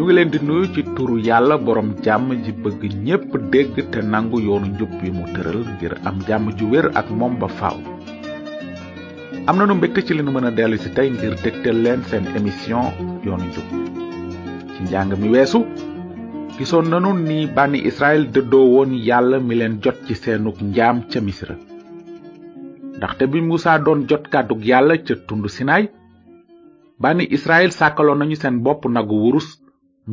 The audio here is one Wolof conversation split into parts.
ñu ngi leen di nuyu ci turu yàlla boroom jàmm ji bëgg ñépp dégg te nangu yoonu njub bi mu tëral ngir am jàmm ju wér ak moom ba faaw. am na nu mbégte ci li nu mën a dellu si tey ngir dégtal leen seen émission yoonu njub ci njàng mi weesu gisoon nanu ni bànni Israël dëddoo woon yàlla mi leen jot ci seenug njaam ca Misra ndaxte bi Musaa doon jot kàddug yàlla ca tund Sinaay bànni Israël sàkkaloon nañu seen bopp nagu wurus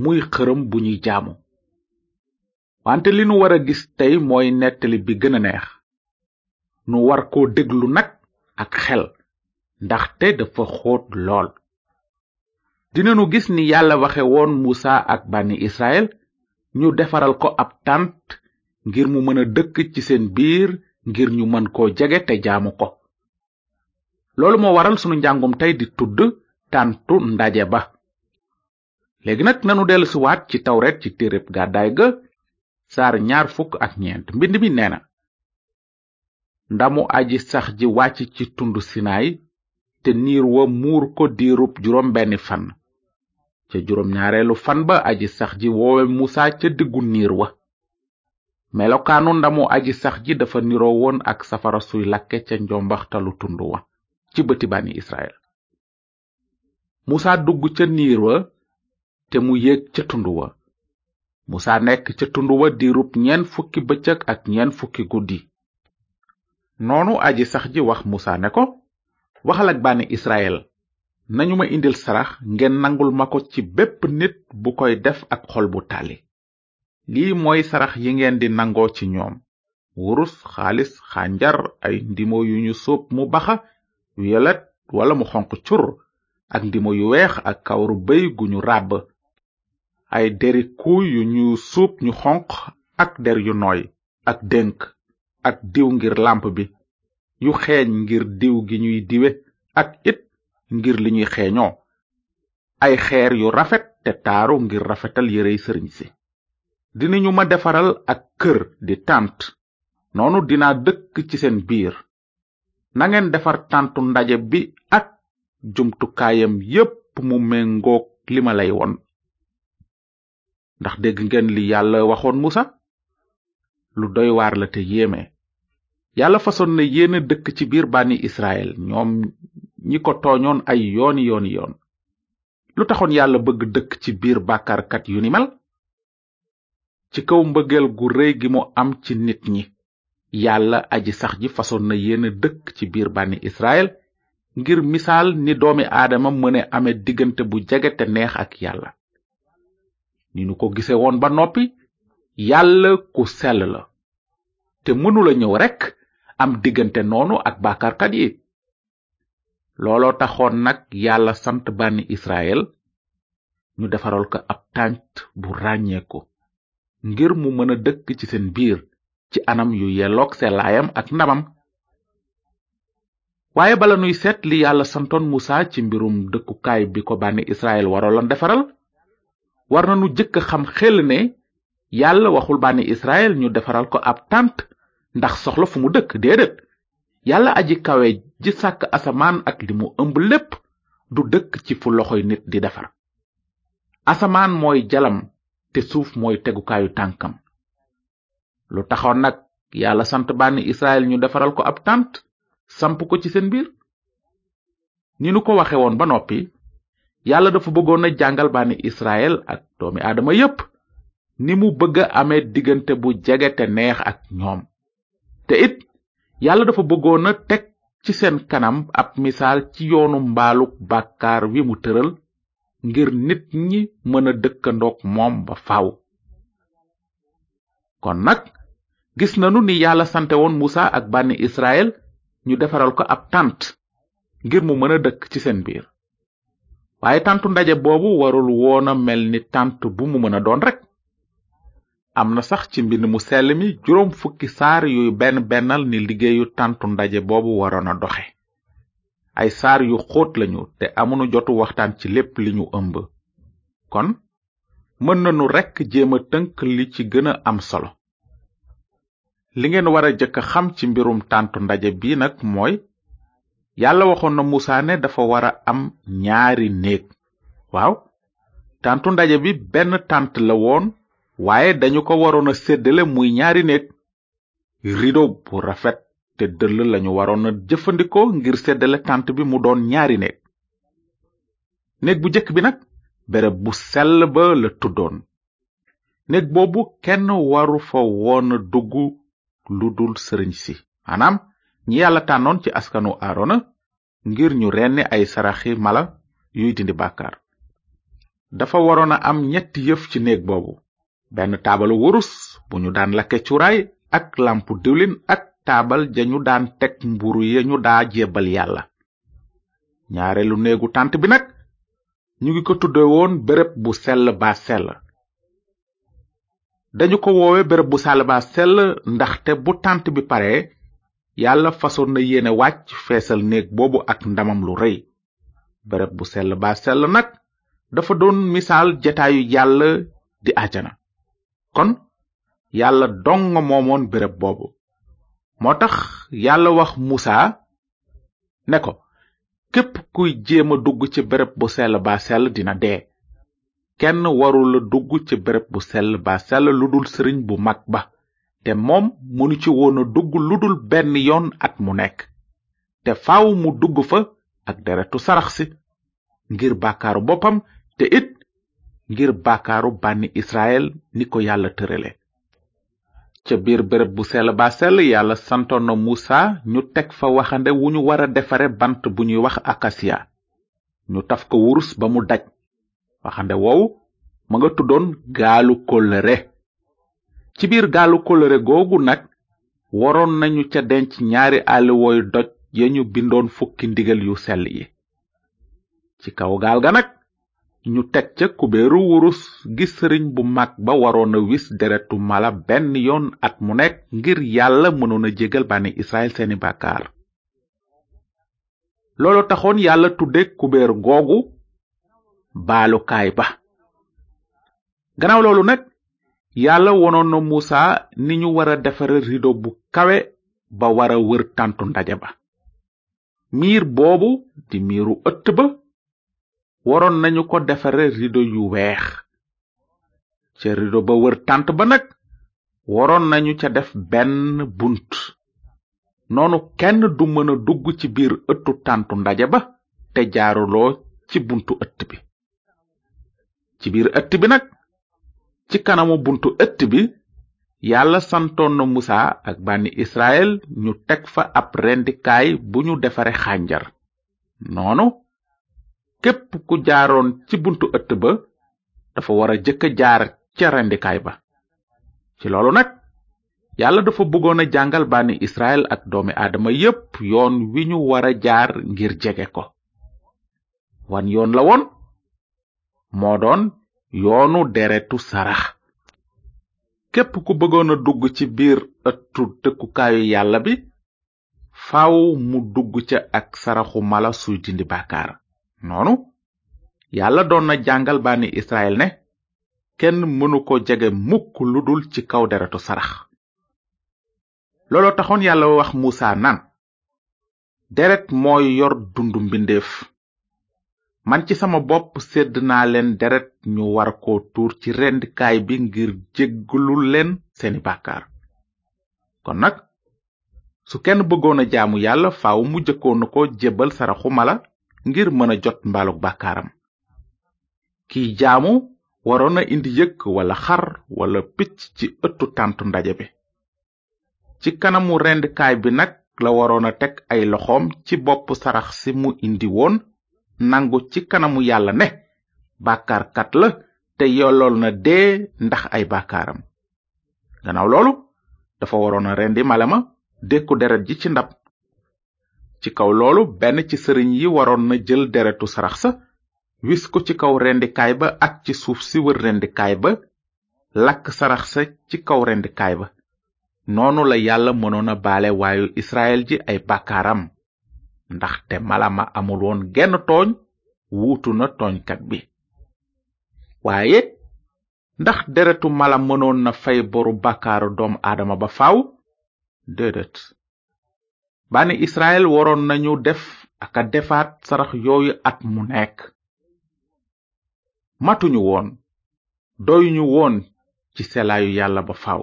muy xërëm bu ñuy jaamu wante li nu war a gis tey mooy nettali bi gën a neex nu war koo déglu nag ak xel ndax te dafa xóot lool dinanu gis ni yàlla waxe woon musa ak bànni israel ñu defaral ko ab tànt ngir mu mën a dëkk ci seen biir ngir ñu mën koo jege te jaamu ko loolu moo waral sunu njàngum tey di tudd tàntu ndaje ba léegi nag nanu dellusiwaat ci tawret ci téereb gàddaay ga saar ñaar fukk ak ñeent mbind mi nee na ndamu aji sax ji wàcc ci tund sinaay te niir wa muur ko diirub juróom benni fan ca juróom ñaareelu fan ba aji sax ji woowe musa ca diggu niir wa melokaanu ndamu aji sax ji dafa niroo woon ak safara suy lakke ca njombaxtalu tund wa ci bëti bani israel musa dugg ca niir wa te mu yéeg ca tund wa musa nekk ca tund wa diirub ñeen fukki bëccëg ak ñeen fukki guddi noonu aji sax ji wax musa ne ko waxal baani bànni israel nañu ma indil sarax ngeen nangul ma ko ci bépp nit bu koy def ak xol bu tàlli lii mooy sarax yi ngeen di nangoo ci ñoom wurus xaalis xànjar ay ndimo yu ñu sóob mu baxa violet wala mu xonq cur ak ndimo yu weex ak kawru béy gu ñu ràbb ay deri yu ñu suub ñu xonq ak der yu nooy ak dénk ak diw ngir làmp bi yu xeeñ ngir diw gi ñuy diwe ak it ngir li ñuy xeeñoo ay xeer yu rafet te taaru ngir rafetal yërey sëriñ si dinañu ma defaral ak kër di tànt noonu dina dëkk ci seen biir nangeen defar tàntu ndaje bi ak jumtukaayam yépp mu méngook lima lay won ndax dégg ngeen li yàlla waxoon musa lu doy waar la te yéeme yàlla fasoon na yéene dëkk ci biir bànni israel ñoom ñi ko tooñoon ay yooni yooni yoon lu taxoon yàlla bëgg dëkk ci biir bàkkaarkat yu ni mel ci kaw mbëggeel gu rëy gi mu am ci nit ñi yàlla aji sax ji fasoon na yéene dëkk ci biir bànni israel ngir misaal ni doomi aadama mëne ame diggante bu jege te neex ak yàlla ni nu ko gise woon ba noppi yàlla ku sell la te mënula ñëw rekk am diggante noonu ak bàkkaarkat yi looloo taxoon nag yàlla sant bànni israel ñu defaral ko ab tànt bu ràññeeku ngir mu mën a dëkk ci seen biir ci anam yu yelloog sellaayam ak ndamam waaye bala nuy seet yàlla santoon musa ci mbirum dëkkukaay bi ko bànni israel waroon defaral war nañu jëkk a xam xel ne yàlla waxul bànni israel ñu defaral ko ab tànt ndax soxla fu mu dëkk déedéet yàlla aji kawe ji sàkk asamaan ak li mu ëmb lépp du dëkk ci fu loxoy nit di defar asamaan mooy jalam te suuf mooy tegukaayu tànkam lu taxoon nag yàlla sant bànni israel ñu defaral ko ab tànt samp ko ci seen biir ni nu ko waxe woon ba noppi yàlla dafa bëggoon a jàngal bànni israel ak doomi aadama yépp ni mu bëgg a amee diggante bu jege te neex ak ñoom te it yàlla dafa bëggoon a teg ci seen kanam ab misaal ci yoonu mbaalu bàkkaar wi mu tëral ngir nit ñi mën a dëkkandook moom ba faaw kon nag gis nanu ni yàlla sante woon musa ak bànni israel ñu defaral ko ab tànt ngir mu mën a dëkk ci seen biir waaye tàntu ndaje boobu warul woona mel ni tànt bu mu mën a doon rek am na sax ci mbind mu sell mi juróom fukki saar yuy benn bennal ni liggéeyu tàntu ndaje boobu waroon a doxe ay saar yu xóot lañu te amu amunu jotu waxtaan ci lépp li ñu ëmb kon mën nañu rekk jéem a tënk li ci gën a am solo li ngeen war a jëkk xam ci mbirum tàntu ndaje bi nag mooy yàlla waxoon na musa ne dafa war a am ñaari néeg waaw tàntu ndaje bi benn tànt la woon waaye dañu ko waroon a séddale muy ñaari néeg rido bu rafet te dëll lañu waroon a jëfandikoo ngir séddale tànt bi mu doon ñaari néeg néeg bu jëkk bi nag béréb bu sell ba la tuddoon néeg boobu kenn waru fa woon a dugg lu dul sëriñ si maanaam ñi yàlla tànnoon ci askanu aarona ngir ñu renni ay saraxi mala yuy dindi bàkkaar dafa waroon a am ñetti yëf ci néeg boobu benn taabalu wurus bu ñu daan lakke cuuraay ak lampu diwlin ak taabal ja ñu daan teg mburu ya ñu daa jébbal yàlla ñaareelu néegu tànt bi nag ñu ngi ko tudde woon bu sell ba sell dañu ko woowe bërëb bu sàll ba sell ndaxte bu tànt bi pare yàlla faso na yéene wàcc feesal néeg boobu ak ndamam lu rëy bërëb bu sell ba sell nag dafa doon misaal jataayu yàlla di ajana kon yàlla dong moomoon bërëb boobu moo tax yàlla wax musa ne ko képp kuy jéem a dugg ci bërëb bu sell ba sell dina dee kenn warula dugg ci bërëb bu sell ba sell lu dul sëriñ bu mag ba te moom mënu ci woon a dugg ludul benn yoon at mu nekk te faw mu dugg fa ak deretu sarax si ngir bàkkaaru boppam te it ngir bàkkaaru bànni israel ni ko yàlla tërale ca biir bërëb bu sell ba sell yàlla santoon na musa ñu teg fa waxande wu ñu war a defare bant bu ñuy wax akasiya ñu taf ko wurus ba mu daj waxande woowu ma nga tuddoon gaalu kóllëre ci biir gaalu kolore googu nag waroon nañu ca denc ñaari àlliwooy doj yañu bindoon fukki ndigal yu sell yi ci kaw gaal ga nag ñu teg ca kubeeru wurus gi sëriñ bu mag ba waroon a wis deretu mala benn yoon at mu nekk ngir yàlla mënoon a jégal bànni israel seeni bàkkaar loolu taxoon yàlla tudde kubeer googu baalukaay ba gannaaw loolu nag yàlla wonoon na muusa ni ñu wara defare rido bu kawe ba wara wër tàntu ndaje ba miir boobu di miiru ëtt ba waroon nañu ko defare rido yu weex ca rido ba wër tànt ba nag waroon nañu ca def benn bunt noonu kenn du mëna dugg ci biir ëttu tàntu ndaje ba te jaaruloo ci buntu ëtt bi ci biir ëtt bi nag ci kanamu buntu ëtt bi yàlla santoon na musa ak bànni israel ñu teg fa ab rendikaay bu ñu defare xànjar noonu képp ku jaaroon ci buntu ëtt ba dafa wara a jëkk jaar ca rendikaay ba ci loolu nag yàlla dafa bëggoon a jàngal bànni israel ak doomi aadama yépp yoon wi ñu wara jaar ngir jege ko wan yoon la woon moo doon yoonu deretu sarax képp ku bëggoona dugg ci biir ëttu dëkkukaayu yàlla bi faaw mu dugg ca ak saraxu mala suy dindi bàkkaar noonu yàlla doon na jàngal bànni israel ne kenn mënu ko jege mukk lu dul ci kaw deretu sarax looloo taxoon yàlla wax muusa naan deret mooy yor dundu mbindeef man ci sama bopp sedd naa leen deret ñu war ko tuur ci rendkaay bi ngir jéggalul leen seeni bàkkaar kon nag su kenn bëggoon a jaamu yàlla faw mu jëkkoon na ko jébbal saraxu mala ngir mën a jot mbaalug bàkkaaram kiy jaamu waroon a indi yëkk wala xar wala picc ci ëttu tàntu ndaje bi ci kanamu rendkaay bi nag la waroon a teg ay loxoom ci bopp sarax si mu indi woon nangu ci kanamu yàlla ne bàkkaarkat la te yollool na dee ndax ay bàkkaaram gannaaw loolu dafa waroon a rendi ma dékku deret ji ci ndab ci kaw loolu benn ci sëriñ yi waroon na jël deretu sarax sa wis ko ci kaw rendikaay ba ak ci suuf si wër rendikaay ba lakk sarax sa ci kaw rendikaay ba noonu la yàlla mënoon a baale waayu israel ji ay bàkkaaram ndaxte mala ma amul woon genn tooñ wuutu na tooñkat bi waaye ndax deretu mala mënoon na fay boru bàkkaaru doom aadama ba faw déedéet bani israel waroon nañu def aka defaat sarax yooyu at mu nekk matuñu woon doyuñu woon ci selaayu yàlla ba faw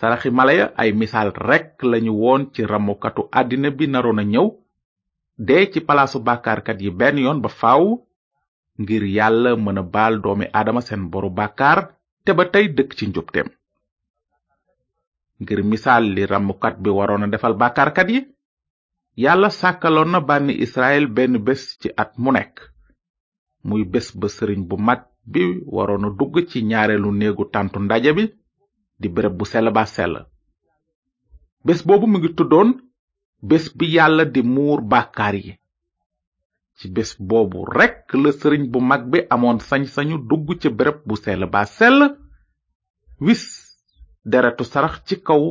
saraxi mala ya ay missaal rekk lañu woon ci ramukatu àddina bi naroon a ñëw dee ci palaasu bàkkaarkat yi benn yoon ba faaw ngir yàlla mën a baal doomi aadama seen boru bàkkaar te ba tey dëkk ci njubteem ngir missaal li ramukat bi waroon a defal bàkkaarkat yi yàlla sàkkaloon na bànni israel benn bés ci at mu nekk muy bés ba sëriñ bu mag bi waroon a dugg ci ñaareelu néegu tàntu ndaje bi di bërëb bu sell ba sell bés boobu mu ngi tuddoon bés bi yàlla di muur bàkkaar yi ci bés boobu rekk la sëriñ bu mag bi amoon sañ-sañu dugg ci bërëb bu sell ba sell wis deretu sarax ci kaw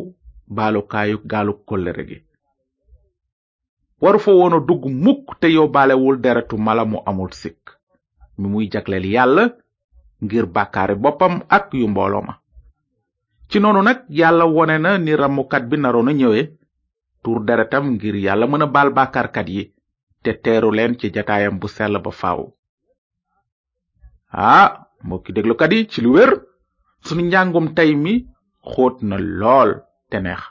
baalukaayu gaalu kóllëre gi waru fa woon dugg mukk te yóbbaalewul deretu mala mu amul sikk mi muy jagleel yàlla ngir bàkkaari boppam ak yu mbooloo ma ci noonu nag yàlla wone na ni ramukat bi naroon a ñëwee tur deretam ngir yàlla mën a baal bàkkaarkat yi te teeru leen ci jataayam bu sell ba faaw. ah mbokki déglukat yi ci lu wér sunu njàngum tey mi xóot na lool te neex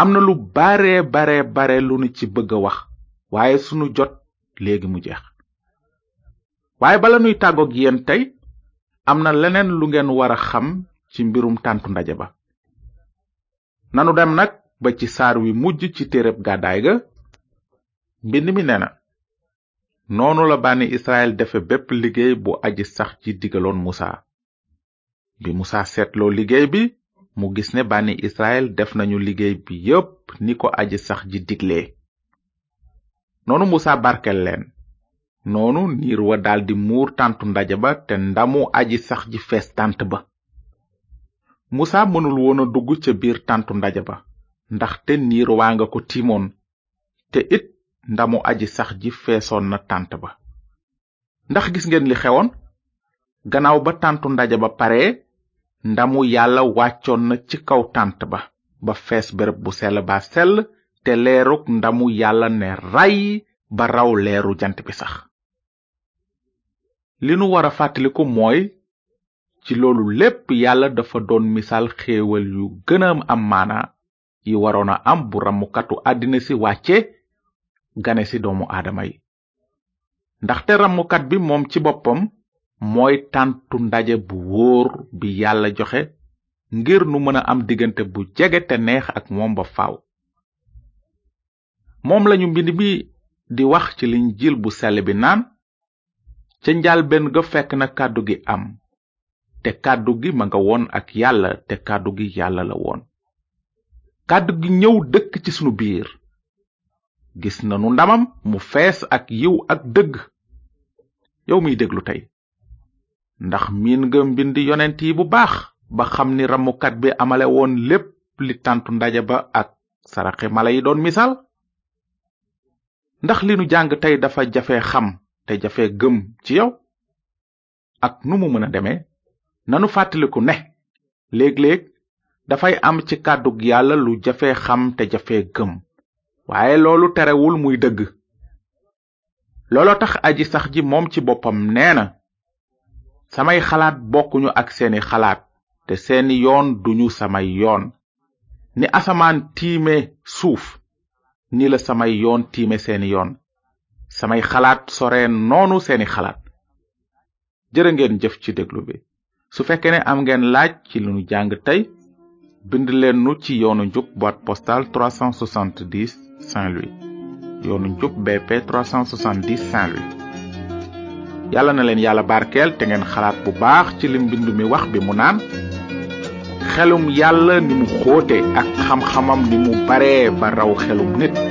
am na lu bare bare bare lu nu ci bëgg a wax waaye sunu jot léegi mu jeex waaye bala nuy tàggoog yéen tey am na leneen lu ngeen war a xam ci mbirum tàntu ndaje ba nanu dem nag ba ci saar wi mujj ci téereb gàddaay ga mbind mi ne na noonu la bànni israel defe bépp liggéey bu aji sax ji digaloon musa bi musa seetloo liggéey bi mu gis ne bànni israel def nañu liggéey bi yépp ni ko aji sax ji digle noonu musa barkel leen noonu niir wa daldi muur tàntu ndaje ba te ndamu aji sax ji fees tànt ba musa mënul woon dugg ca biir tàntu ndaje ba ndaxte niir waa nga ko tiimoon te it ndamu aji sax ji feesoon na tànt ba ndax gis ngeen li xewoon gannaaw ba tàntu ndaje ba pare ndamu yàlla wàccoon na ci kaw tànt ba ba fees bërëb bu sell ba sell te leerug ndamu yàlla ne ray ba raw leeru jant bi sax li nu wara fàttaliku mooy ci loolu lépp yàlla dafa doon misaal xéewal yu gën a am maana yi waroon a am bu ramukatu àddina si wàcce gane si doomu aadama yi ndaxte ramukat bi moom ci boppam mooy tàntu ndaje bu wóor bi yàlla joxe ngir nu mën a am diggante bu jege te neex ak moom ba faaw moom lañu mbind bi di wax ci liñ linjiil bu sell bi naan ca njaal benn ga fekk na kàddu gi am te kàddu gi ma nga woon ak yàlla te kàddu gi yàlla la woon kàddu gi ñëw dëkk ci sunu biir gis na nu ndamam mu fees ak yiw ak dëgg yow miy déglu tey ndax miin nga mbind yonent yi bu baax ba xam ni ramukat bi amale woon lépp li tàntu ndaje ba ak saraxe mala yi doon misaal ndax li nu jàng tey dafa jafe xam te jafe gëm ci yow ak nu mu mën a demee nanu fàttaliku ne léeg-léeg dafay am ci kàddug yàlla lu jafe xam te jafe gëm waaye loolu terewul muy dëgg looloo tax aji sax ji moom ci boppam nee na samay xalaat bokkuñu ak seeni xalaat te seeni yoon duñu samay yoon ni asamaan tiime suuf ni la samay yoon tiime seeni yoon samay xalaat soreen noonu seeni xalaat jërë ngeen jëf ci déglu bi su fekkee ne am ngeen laaj ci lu nu jàng tey bind leen nu ci yoonu njub boîte postale 370 Saint-Louis yoonu njub BP 370 Saint-Louis yàlla na leen yàlla barkeel te ngeen xalaat bu baax ci li mbind mi wax bi mu naan xelum yàlla ni mu xóote ak xam-xamam ni mu baree ba raw xelum nit